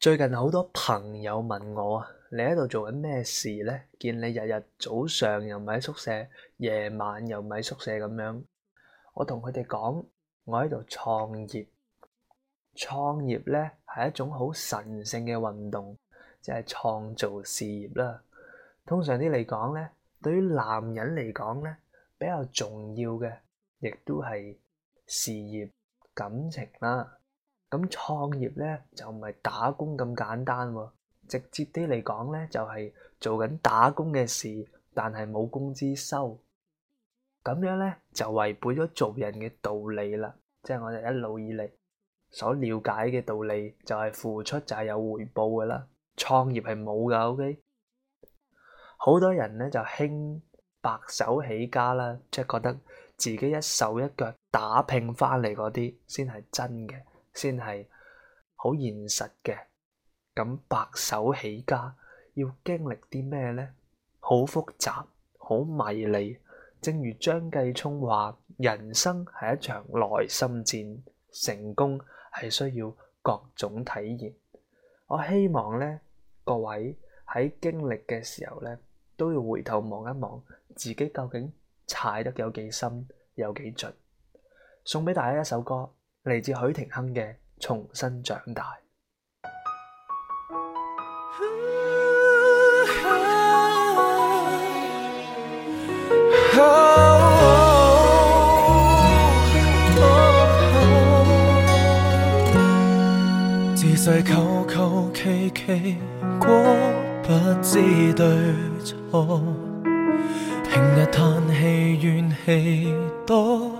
最近好多朋友問我啊，你喺度做緊咩事咧？見你日日早上又唔喺宿舍，夜晚又唔喺宿舍咁樣，我同佢哋講，我喺度創業。創業咧係一種好神聖嘅運動，即係創造事業啦。通常啲嚟講咧，對於男人嚟講咧，比較重要嘅，亦都係事業、感情啦。咁創業咧就唔係打工咁簡單喎。直接啲嚟講咧，就係做緊打工嘅事，但係冇工資收，咁樣咧就違背咗做人嘅道理啦。即係我哋一路以嚟所了解嘅道理，就係付出就係有回報㗎啦。創業係冇㗎，OK？好多人咧就興白手起家啦，即係覺得自己一手一腳打拼翻嚟嗰啲先係真嘅。先係好現實嘅，咁白手起家要經歷啲咩呢？好複雜，好迷離。正如張繼聰話：人生係一場內心戰，成功係需要各種體驗。我希望呢各位喺經歷嘅時候呢，都要回頭望一望自己究竟踩得有幾深，有幾盡。送俾大家一首歌。嚟自許廷鏗嘅《重新長大》。自細求求其其過，不知對錯，平日嘆氣怨氣多。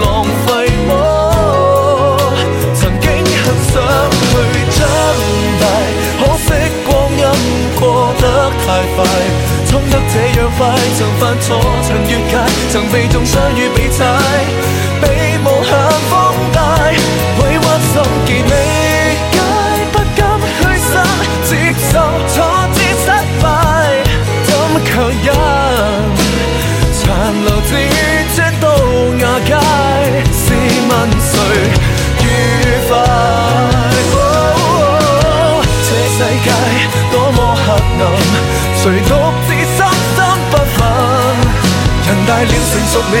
曾被重傷，與被踩。大了成熟了，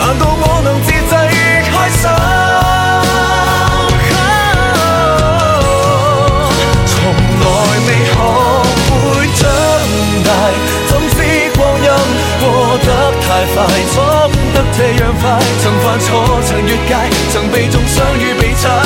難道我能自製開心啊？從來未學會長大，怎知光陰過得太快，走得這樣快。曾犯錯，曾越界，曾被中傷與被踩。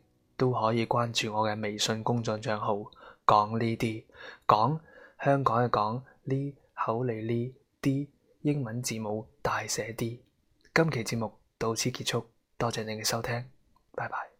都可以關注我嘅微信公眾帳號，講呢啲，講香港嘅講呢口裏呢啲英文字母大寫啲。今期節目到此結束，多謝你嘅收聽，拜拜。